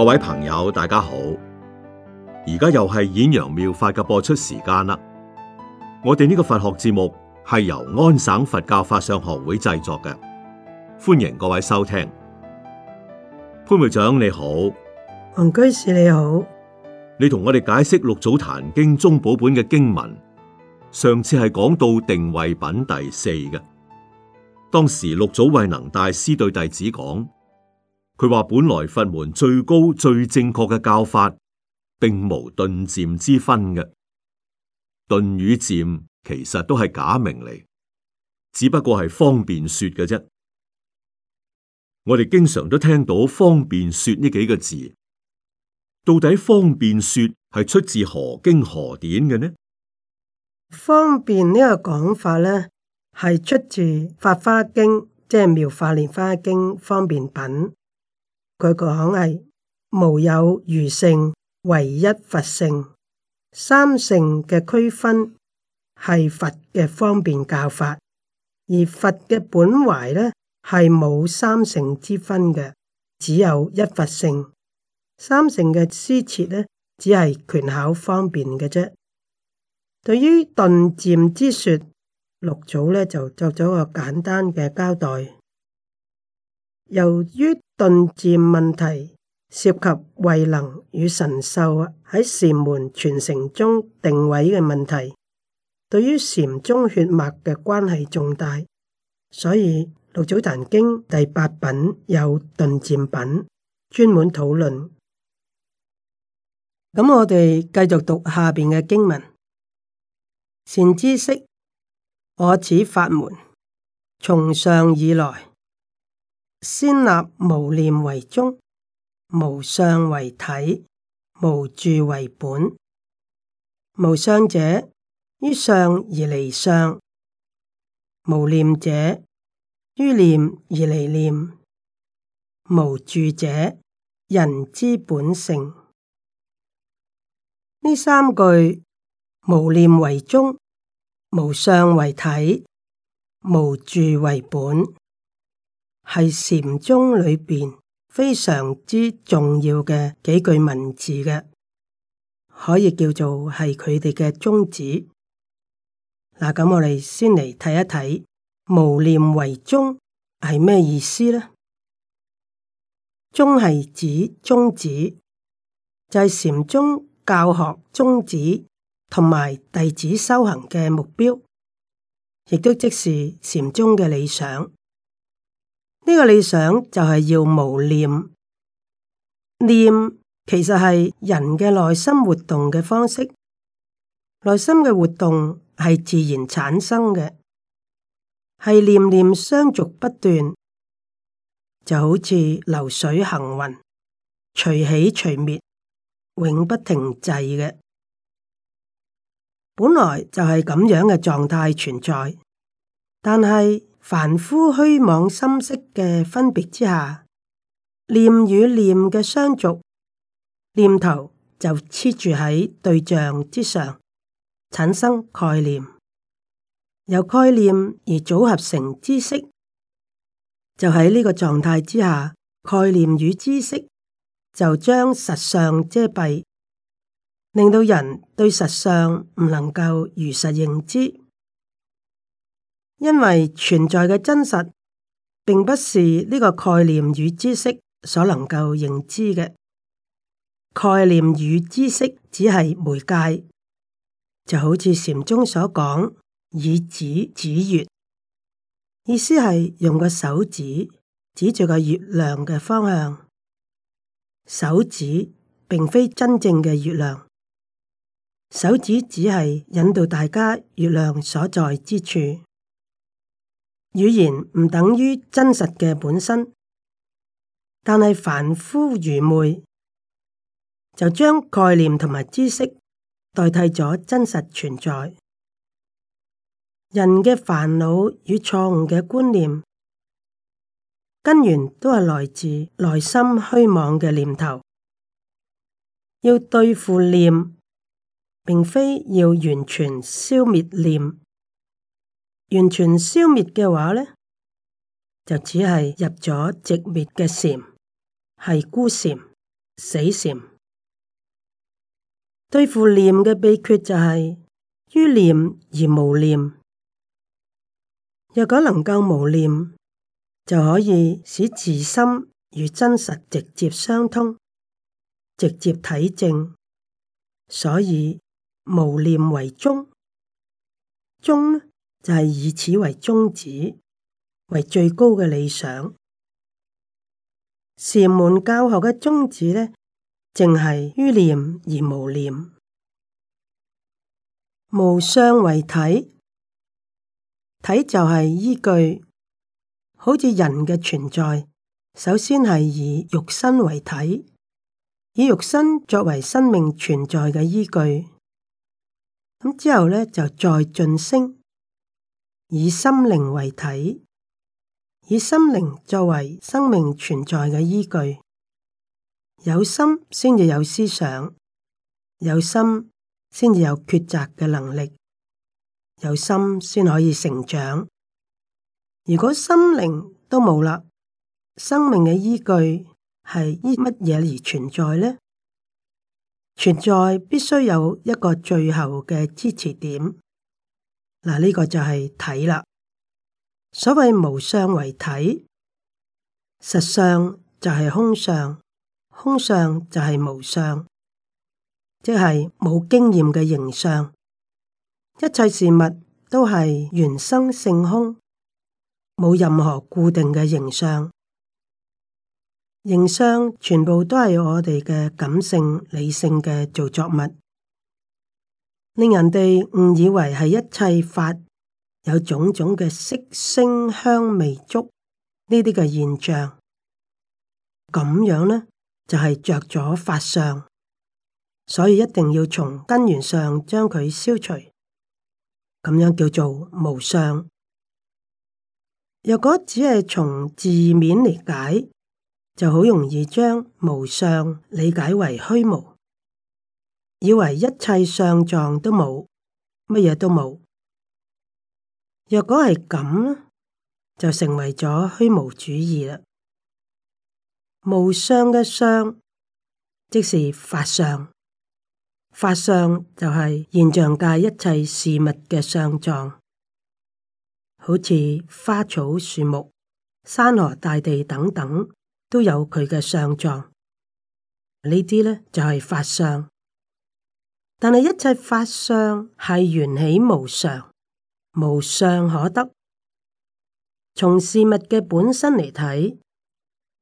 各位朋友，大家好！而家又係演揚妙法嘅播出時間啦。我哋呢個佛學節目係由安省佛教法相學會製作嘅，歡迎各位收聽。潘會長你好，黃居士你好，你同我哋解釋六祖壇經宗寶本嘅經文。上次係講到定慧品第四嘅，當時六祖慧能大師對弟子講。佢話本來佛門最高最正確嘅教法，並無頓漸之分嘅。頓與漸其實都係假名嚟，只不過係方便說嘅啫。我哋經常都聽到方便說呢幾個字，到底方便說係出自何經何典嘅呢？方便個，呢個講法咧，係出自《法花經》，即係《妙法蓮花經》方便品。佢講係無有餘乘，唯一佛乘。三乘嘅區分係佛嘅方便教法，而佛嘅本懷呢，係冇三乘之分嘅，只有一佛乘。三乘嘅施設呢，只係權巧方便嘅啫。對於頓漸之說，六祖呢就作咗個簡單嘅交代。由於頓漸問題涉及慧能與神秀喺禪門傳承中定位嘅問題，對於禪宗血脈嘅關係重大，所以六祖壇經第八品有頓漸品專門討論。咁我哋繼續讀下邊嘅經文：善知識，我此法門從上以來，先立無念為宗，無相為體，無住為本。無相者，於相而離相；無念者，於念而離念。無住者，人之本性。呢三句：無念為宗，無相為體，無住為本。係禪宗裏邊非常之重要嘅幾句文字嘅，可以叫做係佢哋嘅宗旨。嗱，咁我哋先嚟睇一睇無念為宗係咩意思咧？宗係指宗旨，就係禪宗教學宗旨同埋弟子修行嘅目標，亦都即是禪宗嘅理想。呢個理想就係要無念。念，念其實係人嘅內心活動嘅方式。內心嘅活動係自然產生嘅，係念念相續不斷，就好似流水行雲，隨起隨滅，永不停滯嘅。本來就係咁樣嘅狀態存在，但係凡夫虛妄心識嘅分別之下，念與念嘅相續，念頭就黐住喺對象之上，產生概念，由概念而組合成知識，就喺呢個狀態之下，概念與知識就將實相遮蔽，令到人對實相唔能夠如實認知。因為存在嘅真實，並不是呢個概念與知識所能夠認知嘅。概念與知識只係媒介，就好似禪宗所講以指指月，意思係用個手指指住個月亮嘅方向。手指並非真正嘅月亮，手指只係引導大家月亮所在之處。語言唔等於真實嘅本身，但係凡夫愚昧，就將概念同埋知識代替咗真實存在。人嘅煩惱與錯誤嘅觀念根源都係來自內心虛妄嘅念頭。要對付念，並非要完全消滅念。完全消滅嘅話呢，就只係入咗寂滅嘅禪，係孤禪、死禪。對付念嘅秘訣就係、是、於念而無念。若果能夠無念，就可以使自心與真實直接相通，直接體證。所以無念為宗，宗呢？就係以此為宗旨，為最高嘅理想。禪門教學嘅宗旨呢，淨係於念而無念，無相為體。體就係依據，好似人嘅存在，首先係以肉身為體，以肉身作為生命存在嘅依據。咁之後呢，就再進升。以心靈為體，以心靈作為生命存在嘅依據。有心先至有思想，有心先至有抉擇嘅能力，有心先可以成長。如果心靈都冇啦，生命嘅依據係依乜嘢而存在呢？存在必須有一個最後嘅支持點。嗱，呢個就係體啦。所謂無相為體，實相就係空相，空相就係無相，即係冇經驗嘅形相。一切事物都係緣生性空，冇任何固定嘅形相。形相全部都係我哋嘅感性、理性嘅造作物。令人哋誤以為係一切法有種種嘅色聲香味觸呢啲嘅現象，咁樣呢就係、是、着咗法相，所以一定要從根源上將佢消除，咁樣叫做無相。若果只係從字面嚟解，就好容易將無相理解為虛無。以為一切相狀都冇，乜嘢都冇。若果係咁，就成為咗虛無主義啦。無相嘅相，即是法相。法相就係現象界一切事物嘅相狀，好似花草樹木、山河大地等等，都有佢嘅相狀。呢啲咧就係法相。但係一切法相係緣起無常，無相可得。從事物嘅本身嚟睇，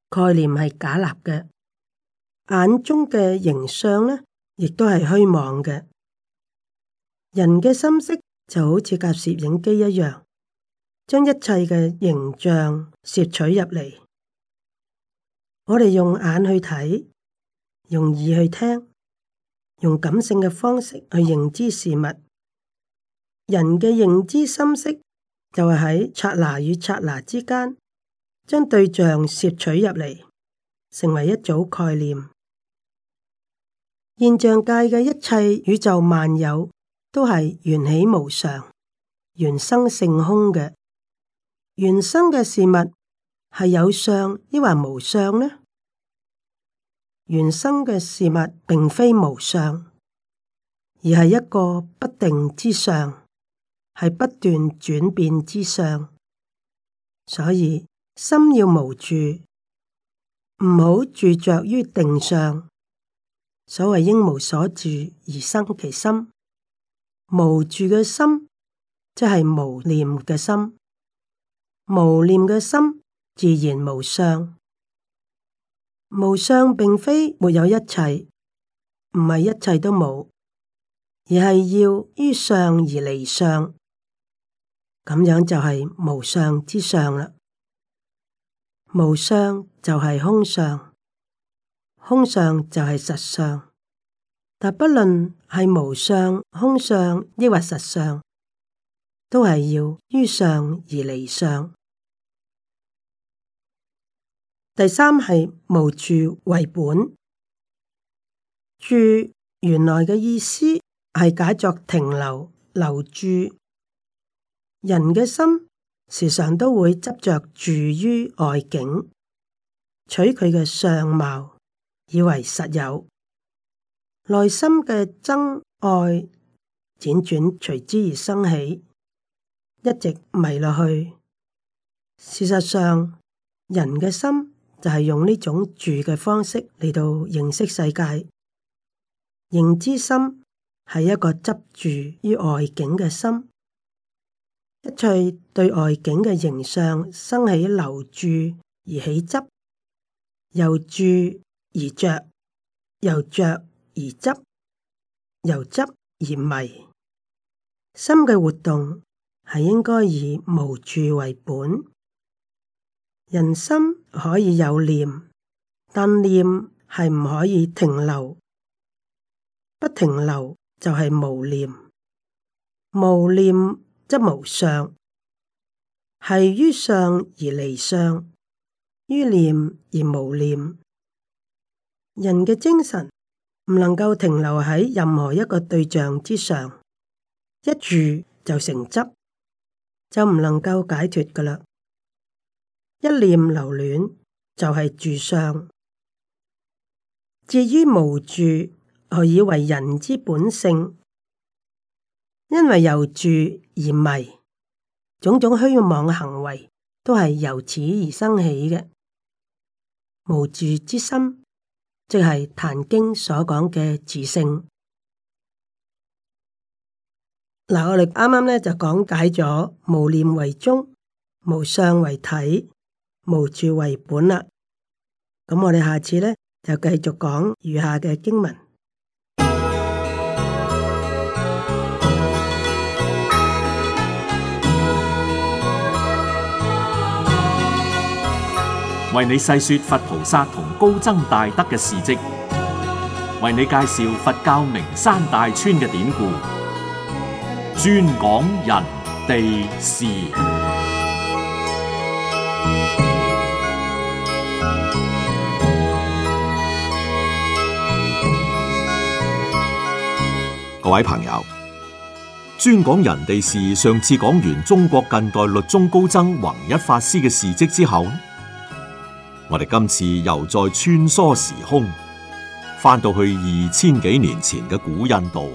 概念係假立嘅；眼中嘅形象呢，亦都係虛妄嘅。人嘅心識就好似架攝影機一樣，將一切嘅形象攝取入嚟。我哋用眼去睇，用耳去聽。用感性嘅方式去認知事物，人嘅認知心識就係喺剎那與剎那之間，將對象攝取入嚟，成為一組概念。現象界嘅一切宇宙萬有都係緣起無常、緣生性空嘅，緣生嘅事物係有相抑或無相呢？原生嘅事物並非無相，而係一個不定之相，係不斷轉變之相。所以心要無住，唔好住着於定相。所謂應無所住而生其心，無住嘅心即係無念嘅心，無念嘅心自然無相。無相並非沒有一切，唔係一切都冇，而係要於相而離相，咁樣就係無相之相啦。無相就係空相，空相就係實相。但不論係無相、空相，抑或實相，都係要於相而離相。第三係無住為本，住原來嘅意思係解作停留，留住。人嘅心，時常都會執着住於外境，取佢嘅相貌以為實有，內心嘅憎愛輾轉隨之而生起，一直迷落去。事實上，人嘅心。就係用呢種住嘅方式嚟到認識世界，認知心係一個執住於外境嘅心，一切對外境嘅形象，生起留住而起執，由住而着，由着而執，由執而迷。心嘅活動係應該以無住為本，人心。可以有念，但念係唔可以停留。不停留就係無念，無念則無相，係於相而離相，於念而無念。人嘅精神唔能夠停留喺任何一個對象之上，一住就成執，就唔能夠解脫㗎喇。一念留戀就係、是、住相。至於無住，何以為人之本性，因為由住而迷，種種虛妄嘅行為都係由此而生起嘅。無住之心，即係《壇經》所講嘅自性。嗱，我哋啱啱咧就講解咗無念為宗，無相為體，無處為本啦，咁我哋下次呢就繼續講餘下嘅經文，為你細說佛菩薩同高僧大德嘅事跡，為你介紹佛教名山大川嘅典故，專講人、地、事。各位朋友，專講人哋是，上次講完中國近代律宗高僧弘一法師嘅事跡之後，我哋今次又再穿梭時空，翻到去二千幾年前嘅古印度，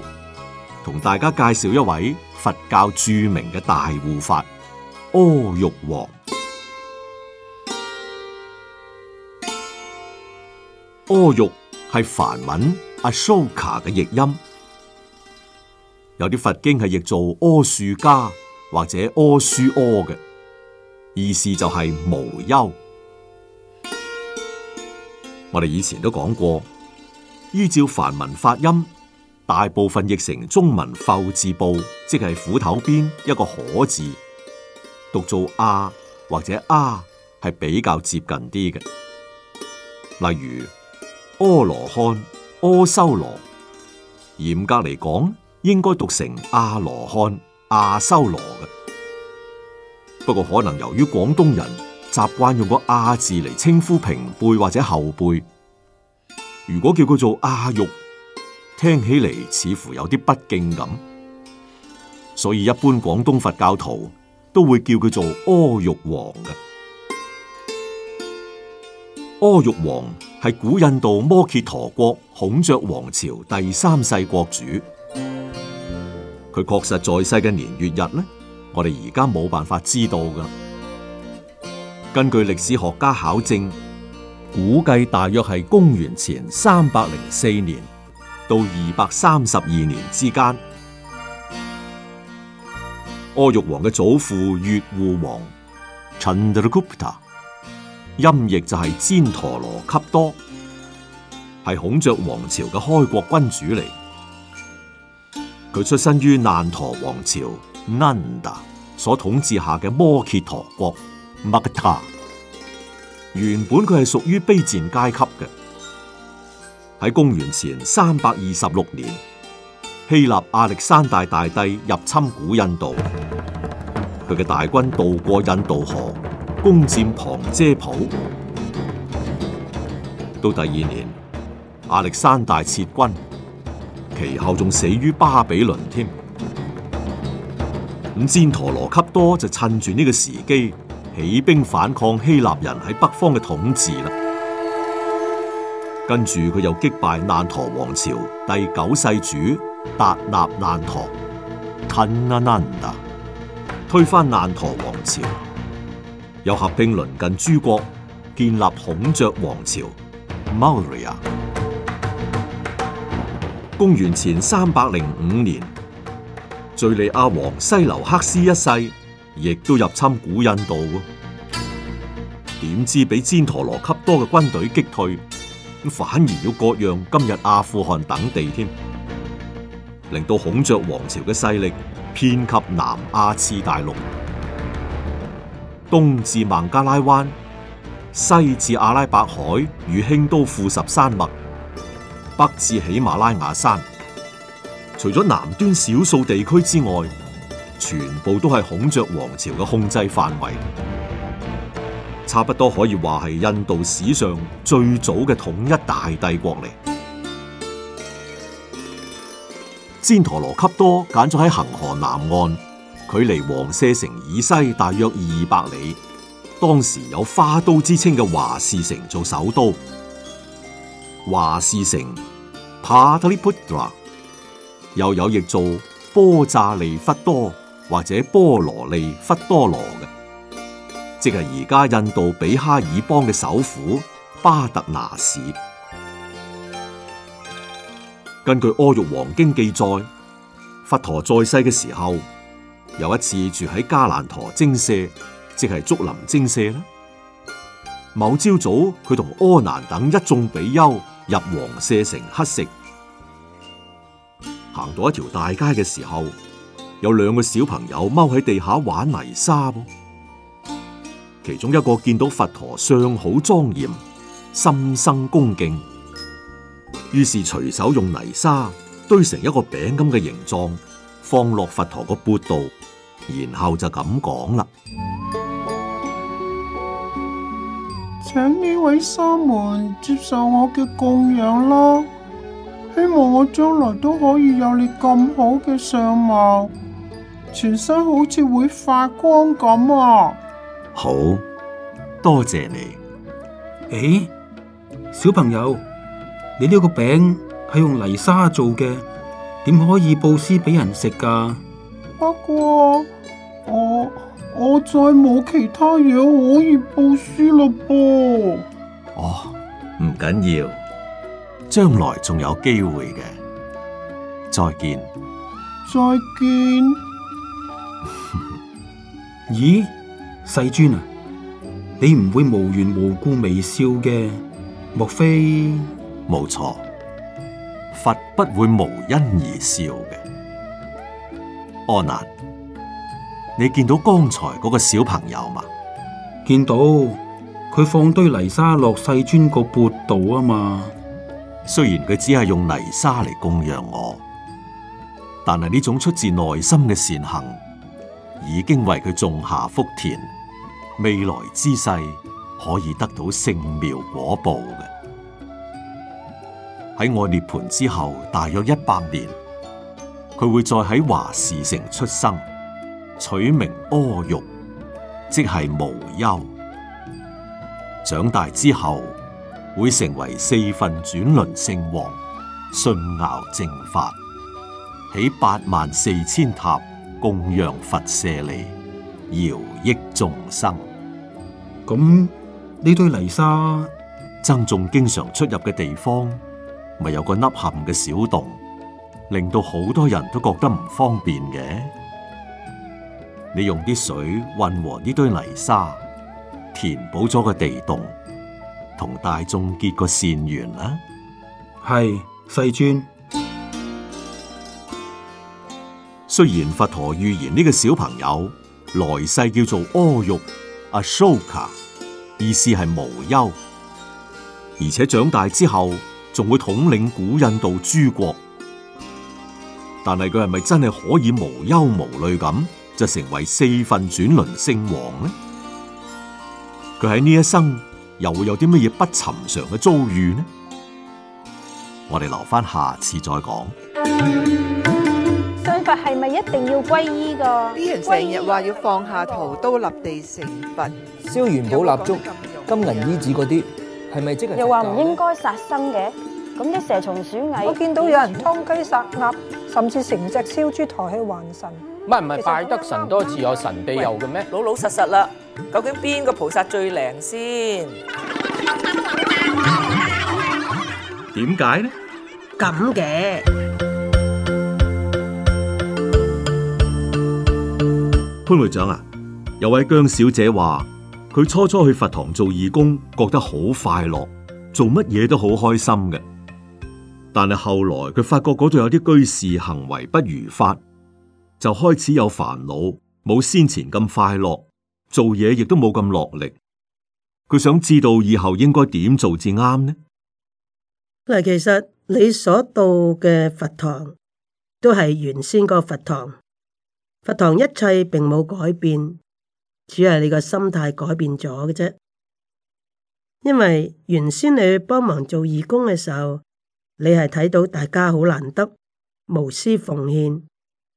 同大家介紹一位佛教著名嘅大護法阿育王。阿育係梵文阿蘇卡嘅譯音。有啲佛經係譯做阿樹伽或者阿樹阿嘅，意思就係無憂。我哋以前都講過，依照梵文發音，大部分譯成中文“阜字部”，即係斧頭邊一個可字，讀做阿或者啊，係比較接近啲嘅。例如阿羅漢、阿修羅，嚴格嚟講。應該讀成阿羅漢、阿修羅嘅，不過可能由於廣東人習慣用個阿字嚟稱呼平輩或者後輩，如果叫佢做阿育，聽起嚟似乎有啲不敬咁，所以一般廣東佛教徒都會叫佢做阿育王嘅。阿育王係古印度摩揭陀國孔雀王朝第三世國主。佢確實在世嘅年月日呢，我哋而家冇辦法知道噶。根據歷史學家考證，估計大約係公元前三百零四年到二百三十二年之間。阿育王嘅祖父月護王 Chandragupta，音譯就係旃陀羅笈多，係孔雀王朝嘅開國君主嚟。佢出身於難陀王朝 Nanda 所統治下嘅摩羯陀國 Matta。原本佢係屬於卑賤階級嘅。喺公元前三百二十六年，希臘亞歷山大大帝入侵古印度，佢嘅大軍渡過印度河，攻佔旁遮普。到第二年，亞歷山大撤軍。其後仲死於巴比倫添，咁旃陀羅笈多就趁住呢個時機起兵反抗希臘人喺北方嘅統治啦。跟住佢又擊敗難陀王朝第九世主達納難陀，吞納推翻難陀王朝，又合併鄰近諸國，建立孔雀王朝。公元前三百零五年，敘利亞王西流克斯一世亦都入侵古印度，點知俾旃陀羅笈多嘅軍隊擊退，反而要割讓今日阿富汗等地添，令到孔雀王朝嘅勢力遍及南亞次大陸，東至孟加拉灣，西至阿拉伯海與興都庫什山脈。北至喜馬拉雅山，除咗南端少數地區之外，全部都係孔雀王朝嘅控制範圍。差不多可以話係印度史上最早嘅統一大帝國嚟。旃陀羅笈多揀咗喺恒河南岸，距離王舍城以西大約二百里。當時有花都之稱嘅華氏城做首都。華氏城，帕特里普達，又有譯做波扎利弗多或者波羅利弗多羅嘅，即係而家印度比哈爾邦嘅首府巴特納市。根據《阿育王經》記載，佛陀在世嘅時候，有一次住喺迦蘭陀精舍，即係竹林精舍啦。某朝早，佢同阿難等一眾比丘。入王舍城乞食，行到一條大街嘅時候，有兩個小朋友踎喺地下玩泥沙。其中一個見到佛陀相好莊嚴，心生恭敬，於是隨手用泥沙堆成一個餅咁嘅形狀，放落佛陀個缽度，然後就咁講啦。請呢位沙門接受我嘅供養啦，希望我將來都可以有你咁好嘅相貌，全身好似會發光咁啊！好多謝你。誒、欸，小朋友，你呢個餅係用泥沙做嘅，點可以布施俾人食噶？不過我。我再冇其他嘢可以報書嘞噃。哦，唔緊要，將來仲有機會嘅。再見，再見。 咦，世尊啊，你唔會無緣無故微笑嘅，莫非？冇錯，佛不會無因而笑嘅，阿難。你見到剛才嗰個小朋友嗎？見到佢放堆泥沙落世尊個缽度啊嘛！雖然佢只係用泥沙嚟供養我，但係呢種出自內心嘅善行，已經為佢種下福田，未來之世可以得到聖妙果報嘅。喺我涅盤之後大約一百年，佢會再喺華氏城出生。取名阿育，即係無憂。長大之後，會成為四份轉輪聖王，信牛正法，起八萬四千塔，供養佛舍利，饒益眾生。咁呢堆泥沙，僧眾經常出入嘅地方，咪有個凹陷嘅小洞，令到好多人都覺得唔方便嘅。你用啲水混和呢堆泥沙，填補咗個地洞，同大眾結個善緣啦。係，世尊。雖然佛陀預言呢個小朋友來世叫做阿育阿蘇卡，oka, 意思係無憂，而且長大之後仲會統領古印度諸國，但係佢係咪真係可以無憂無慮咁？就成為四份轉輪聖王呢？佢喺呢一生又會有啲乜嘢不尋常嘅遭遇呢？我哋留翻下次再講。信佛係咪一定要皈依噶？啲人成日話要放下屠刀立地成佛，燒元寶蠟燭、金銀衣紙嗰啲，係咪即係？又話唔應該殺生嘅，咁啲蛇蟲鼠蟻，我見到有人殺雞殺鴨。甚至成隻燒豬抬去還神，唔係唔係拜得神多自有神庇佑嘅咩？老老實實啦，究竟邊個菩薩最靚先？點解呢？咁嘅潘會長啊，有位姜小姐話佢初初去佛堂做義工，覺得好快樂，做乜嘢都好開心嘅。但係後來佢發覺嗰度有啲居士行為不如法，就開始有煩惱，冇先前咁快樂，做嘢亦都冇咁落力。佢想知道以後應該點做至啱呢？嗱，其實你所到嘅佛堂都係原先嗰個佛堂，佛堂一切並冇改變，只係你個心態改變咗嘅啫。因為原先你去幫忙做義工嘅時候，你係睇到大家好難得，無私奉獻，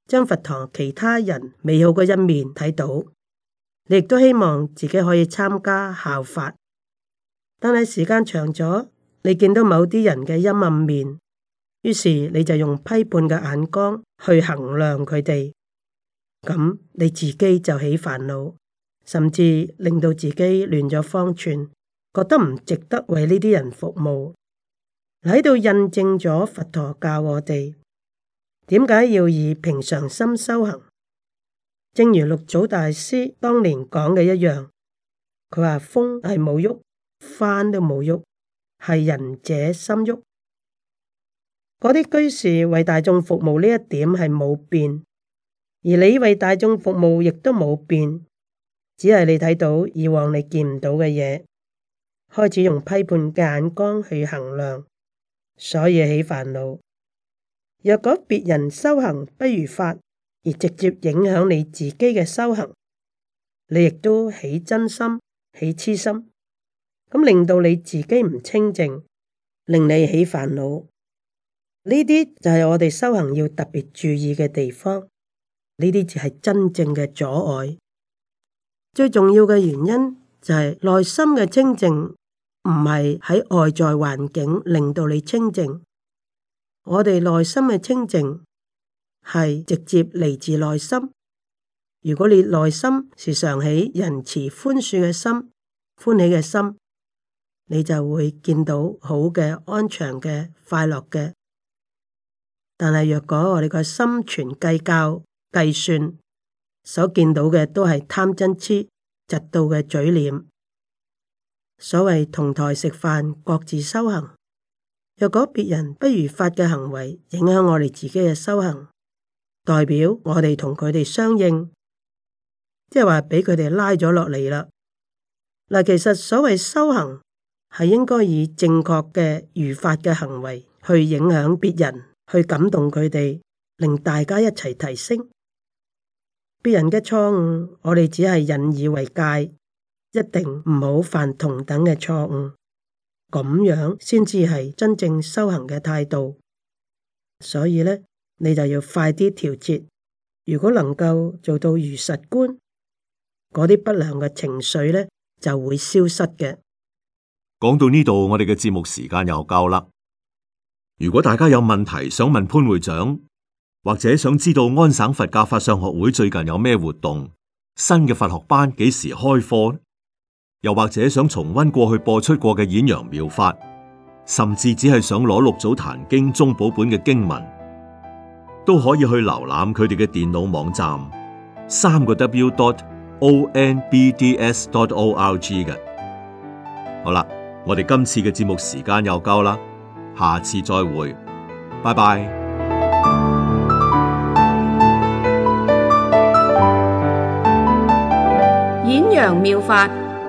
將佛堂其他人美好嘅一面睇到，你亦都希望自己可以參加效法。但係時間長咗，你見到某啲人嘅陰暗面，於是你就用批判嘅眼光去衡量佢哋，咁你自己就起煩惱，甚至令到自己亂咗方寸，覺得唔值得為呢啲人服務。喺度印證咗佛陀教我哋點解要以平常心修行，正如六祖大師當年講嘅一樣，佢話風係冇喐，幡都冇喐，係仁者心喐。嗰啲居士為大眾服務呢一點係冇變，而你為大眾服務亦都冇變，只係你睇到以往你見唔到嘅嘢，開始用批判嘅眼光去衡量，所以起煩惱。若果別人修行不如法，而直接影響你自己嘅修行，你亦都起瞋心、起痴心，咁令到你自己唔清淨，令你起煩惱。呢啲就係我哋修行要特別注意嘅地方。呢啲就係真正嘅阻礙。最重要嘅原因就係內心嘅清淨。唔係喺外在環境令到你清靜，我哋內心嘅清靜係直接嚟自內心。如果你內心時常起仁慈、寬恕嘅心、歡喜嘅心，你就會見到好嘅、安詳嘅、快樂嘅。但係若果我哋個心存計較、計算，所見到嘅都係貪嗔癡、嫉妒嘅嘴臉。所謂同台食飯，各自修行。若果別人不如法嘅行為影響我哋自己嘅修行，代表我哋同佢哋相應，即係話俾佢哋拉咗落嚟啦。嗱，其實所謂修行係應該以正確嘅如法嘅行為去影響別人，去感動佢哋，令大家一齊提升。別人嘅錯誤，我哋只係引以為戒。一定唔好犯同等嘅錯誤，咁樣先至係真正修行嘅態度。所以咧，你就要快啲調節。如果能夠做到如實觀，嗰啲不良嘅情緒咧就會消失嘅。講到呢度，我哋嘅節目時間又夠啦。如果大家有問題想問潘會長，或者想知道安省佛教法相學會最近有咩活動、新嘅佛學班幾時開課？又或者想重温過去播出過嘅演揚妙法，甚至只係想攞六祖壇經中寶本嘅經文，都可以去瀏覽佢哋嘅電腦網站，三個 w dot o n b d s dot o r g 嘅。好啦，我哋今次嘅節目時間又夠啦，下次再會，拜拜。演揚妙法。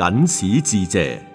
僅此致謝。